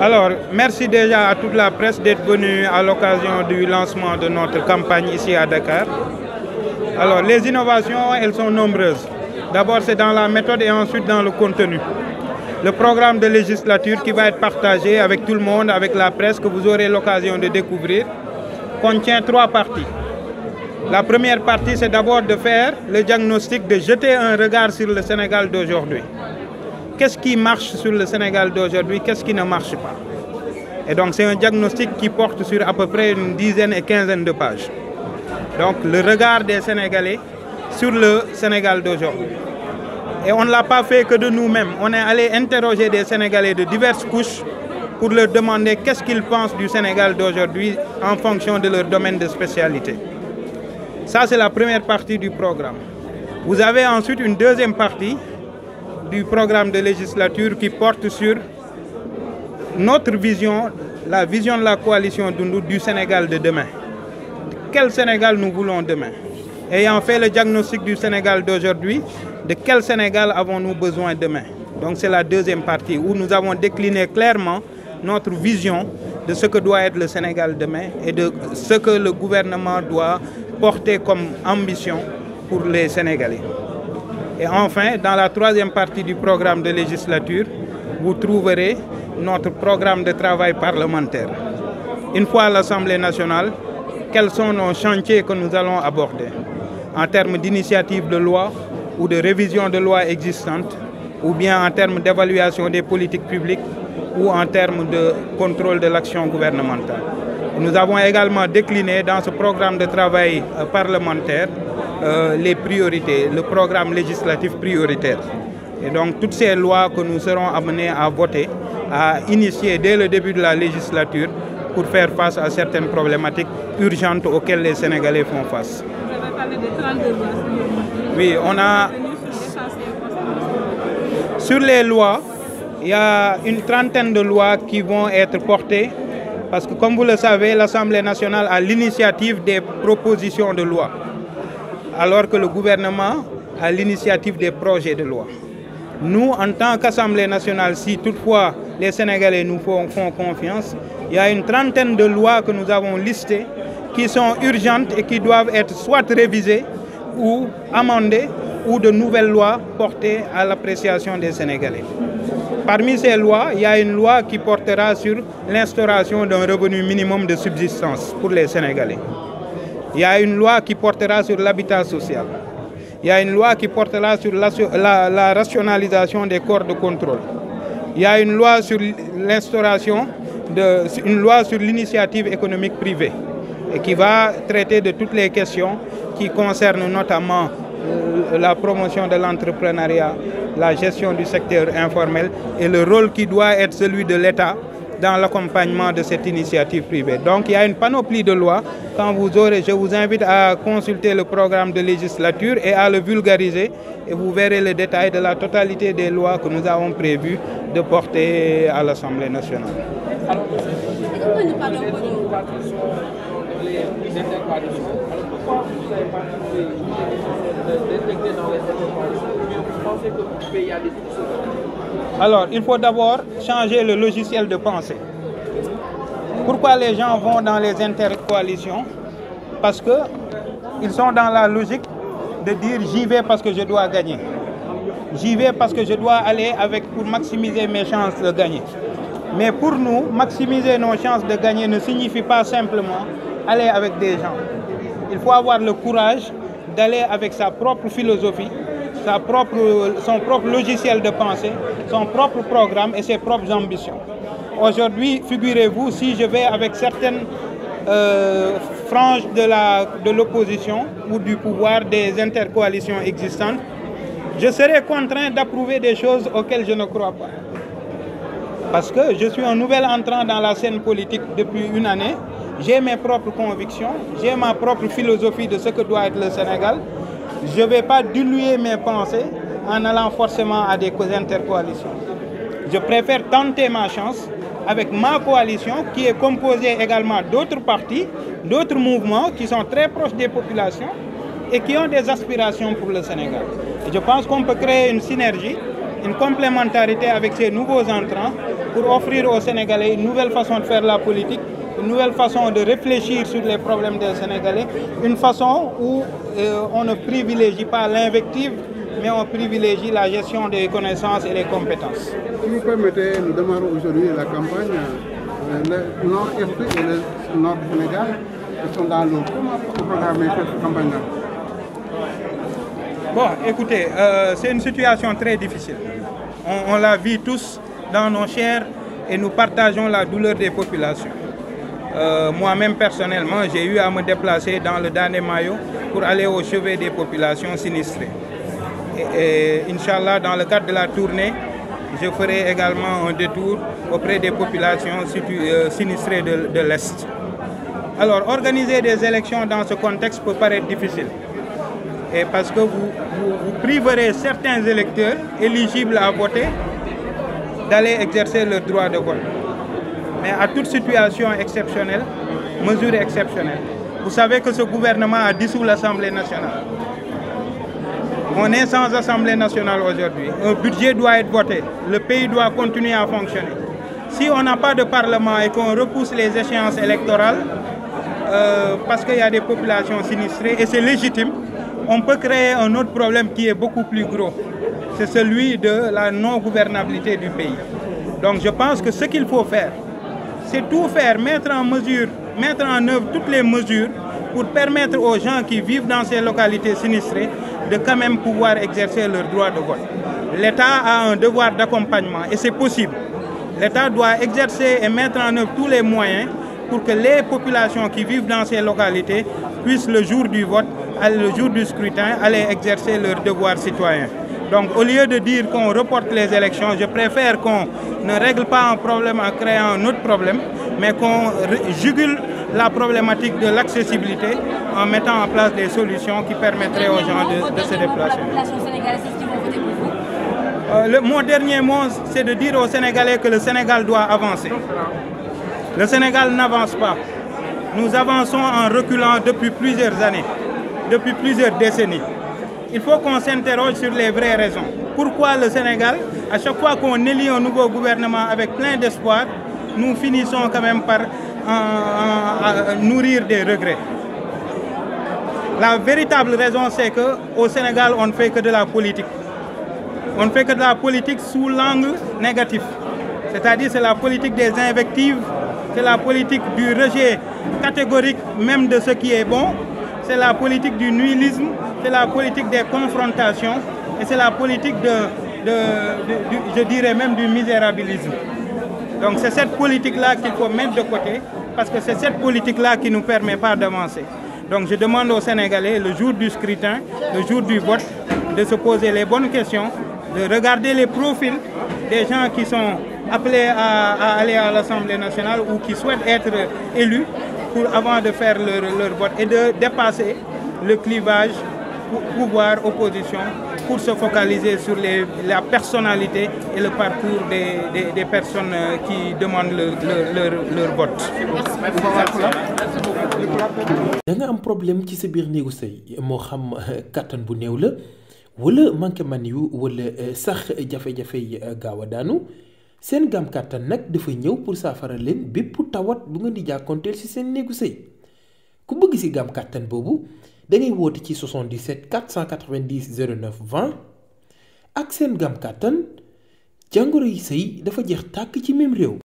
Alors, merci déjà à toute la presse d'être venue à l'occasion du lancement de notre campagne ici à Dakar. Alors, les innovations, elles sont nombreuses. D'abord, c'est dans la méthode et ensuite dans le contenu. Le programme de législature qui va être partagé avec tout le monde, avec la presse, que vous aurez l'occasion de découvrir, contient trois parties. La première partie, c'est d'abord de faire le diagnostic, de jeter un regard sur le Sénégal d'aujourd'hui qu'est-ce qui marche sur le Sénégal d'aujourd'hui, qu'est-ce qui ne marche pas. Et donc c'est un diagnostic qui porte sur à peu près une dizaine et quinzaine de pages. Donc le regard des Sénégalais sur le Sénégal d'aujourd'hui. Et on ne l'a pas fait que de nous-mêmes. On est allé interroger des Sénégalais de diverses couches pour leur demander qu'est-ce qu'ils pensent du Sénégal d'aujourd'hui en fonction de leur domaine de spécialité. Ça, c'est la première partie du programme. Vous avez ensuite une deuxième partie du programme de législature qui porte sur notre vision, la vision de la coalition Dundu du Sénégal de demain. Quel Sénégal nous voulons demain Ayant fait le diagnostic du Sénégal d'aujourd'hui, de quel Sénégal avons-nous besoin demain Donc c'est la deuxième partie où nous avons décliné clairement notre vision de ce que doit être le Sénégal demain et de ce que le gouvernement doit porter comme ambition pour les Sénégalais. Et enfin, dans la troisième partie du programme de législature, vous trouverez notre programme de travail parlementaire. Une fois à l'Assemblée nationale, quels sont nos chantiers que nous allons aborder en termes d'initiatives de loi ou de révision de loi existantes, ou bien en termes d'évaluation des politiques publiques ou en termes de contrôle de l'action gouvernementale. Nous avons également décliné dans ce programme de travail euh, parlementaire euh, les priorités, le programme législatif prioritaire. Et donc toutes ces lois que nous serons amenés à voter, à initier dès le début de la législature pour faire face à certaines problématiques urgentes auxquelles les Sénégalais font face. Vous Oui, on a... Sur les lois, il y a une trentaine de lois qui vont être portées parce que comme vous le savez, l'Assemblée nationale a l'initiative des propositions de loi alors que le gouvernement a l'initiative des projets de loi. Nous, en tant qu'Assemblée nationale, si toutefois les Sénégalais nous font, confiance, il y a une trentaine de lois que nous avons listées qui sont urgentes et qui doivent être soit révisées ou amendées ou de nouvelles lois portées à l'appréciation des Sénégalais. Parmi ces lois, il y a une loi qui portera sur l'instauration d'un revenu minimum de subsistance pour les Sénégalais. Il y a une loi qui portera sur l'habitat social. Il y a une loi qui portera sur la, rationalisation des corps de contrôle. Il y a une loi sur l'instauration, une loi sur l'initiative économique privée et qui va traiter de toutes les questions qui concernent notamment euh, la promotion de l'entrepreneuriat, la gestion du secteur informel et le rôle qui doit être celui de l'État dans l'accompagnement de cette initiative privée. Donc il y a une panoplie de lois. Quand vous aurez, je vous invite à consulter le programme de législature et à le vulgariser et vous verrez les détails de la totalité des lois que nous avons prévu de porter à l'Assemblée nationale. Alors, il faut d'abord changer le logiciel de pensée. Pourquoi les gens vont dans les intercoalitions Parce qu'ils sont dans la logique de dire j'y vais parce que je dois gagner. J'y vais parce que je dois aller avec pour maximiser mes chances de gagner. Mais pour nous, maximiser nos chances de gagner ne signifie pas simplement aller avec des gens. Il faut avoir le courage d'aller avec sa propre philosophie, sa propre, son propre logiciel de pensée son propre programme et ses propres ambitions. Aujourd'hui, figurez-vous, si je vais avec certaines euh, franges de l'opposition de ou du pouvoir des intercoalitions existantes, je serai contraint d'approuver des choses auxquelles je ne crois pas. Parce que je suis un nouvel entrant dans la scène politique depuis une année. J'ai mes propres convictions, j'ai ma propre philosophie de ce que doit être le Sénégal. Je ne vais pas diluer mes pensées, en allant forcément à des intercoalitions. Je préfère tenter ma chance avec ma coalition qui est composée également d'autres partis, d'autres mouvements qui sont très proches des populations et qui ont des aspirations pour le Sénégal. je pense qu'on peut créer une synergie, une complémentarité avec ces nouveaux entrants pour offrir aux Sénégalais une nouvelle façon de faire la politique, une nouvelle façon de réfléchir sur les problèmes des Sénégalais, une façon où euh, on ne privilégie pas l'invective, mais on privilégie la gestion des connaissances et des compétences. Si vous permettez, nous démarrons aujourd'hui la campagne. Euh, le Nord-Est et le Nord Sénégal sont dans l'eau. Comment programmez cette campagne-là Bon, écoutez, euh, c'est une situation très difficile. On, la vit tous dans nos chairs et nous partageons la douleur des populations. Euh, moi-même personnellement, j'ai eu à me déplacer dans le dernier maillot pour aller au chevet des populations sinistrées et, dans le cadre de la tournée, je ferai également un détour auprès des populations euh, sinistrées de, l'Est. Alors, organiser des élections dans ce contexte peut paraître difficile. parce que vous priverez certains électeurs éligibles à voter d'aller exercer leur droit de vote. Mais à toute situation exceptionnelle, mesure exceptionnelle, vous savez que ce gouvernement a dissous l'Assemblée nationale. On est sans Assemblée nationale aujourd'hui. Un budget doit être voté. Le pays doit continuer à fonctionner. Si on n'a pas de Parlement et qu'on repousse les échéances électorales, euh, parce qu'il y a des populations sinistrées, et c'est légitime, on peut créer un autre problème qui est beaucoup plus gros. C'est celui de la non-gouvernabilité du pays. Donc je pense que ce qu'il faut faire, c'est tout faire, mettre en mesure, mettre en œuvre toutes les mesures pour permettre aux gens qui vivent dans ces localités sinistrées de quand même pouvoir exercer leur droit de vote. L'État a un devoir d'accompagnement et c'est possible. L'État doit exercer et mettre en œuvre tous les moyens pour que les populations qui vivent dans ces localités puissent le jour du vote, le jour du scrutin, aller exercer leur devoir citoyen. Donc au lieu de dire qu'on reporte les élections, je préfère qu'on ne règle pas un problème en créant un autre problème, mais qu'on jugule la problématique de l'accessibilité en mettant en place des solutions qui permettraient aux gens de, se déplacer. Euh, mon dernier mot, c'est de dire aux Sénégalais que le Sénégal doit avancer. Le Sénégal n'avance pas. Nous avançons en reculant depuis plusieurs années, depuis plusieurs décennies. Il faut qu'on s'interroge sur les vraies raisons. Pourquoi le Sénégal, à chaque fois qu'on élit un nouveau gouvernement avec plein d'espoir, nous finissons quand même par à nourrir des regrets. La véritable raison, c'est qu'au Sénégal, on ne fait que de la politique. On ne fait que de la politique sous l'angle négatif. C'est-à-dire c'est la politique des invectives, c'est la politique du rejet catégorique même de ce qui est bon, c'est la politique du nihilisme, c'est la politique des confrontations et c'est la politique de, je dirais même du misérabilisme. Donc c'est cette politique-là qu'il faut mettre de côté, parce que c'est cette politique-là qui ne nous permet pas d'avancer. Donc je demande aux Sénégalais, le jour du scrutin, le jour du vote, de se poser les bonnes questions, de regarder les profils des gens qui sont appelés à, aller à l'Assemblée nationale ou qui souhaitent être élus avant de faire leur, leur vote et de dépasser le clivage pouvoir-opposition pour se focaliser sur les, la personnalité et le parcours des, des, des personnes euh, qui demandent leur, leur, leur vote. a un un problème qui se biir néegu sëy Katan xam euh, kattan bu néew la wala manqué man yu wala euh, sax jafe-jafe gawa gaaw a gam kàttan nak dafa ñew pour sa leen bepp tawat bu nga di jàkkoonteel ci sen néegu ku bëgg ci gam kàttan bobu da ngay woote ci 77 490 09 20 ak seen gam kàttan jàngoro yi sëy dafa jeex tàkk ci même réew.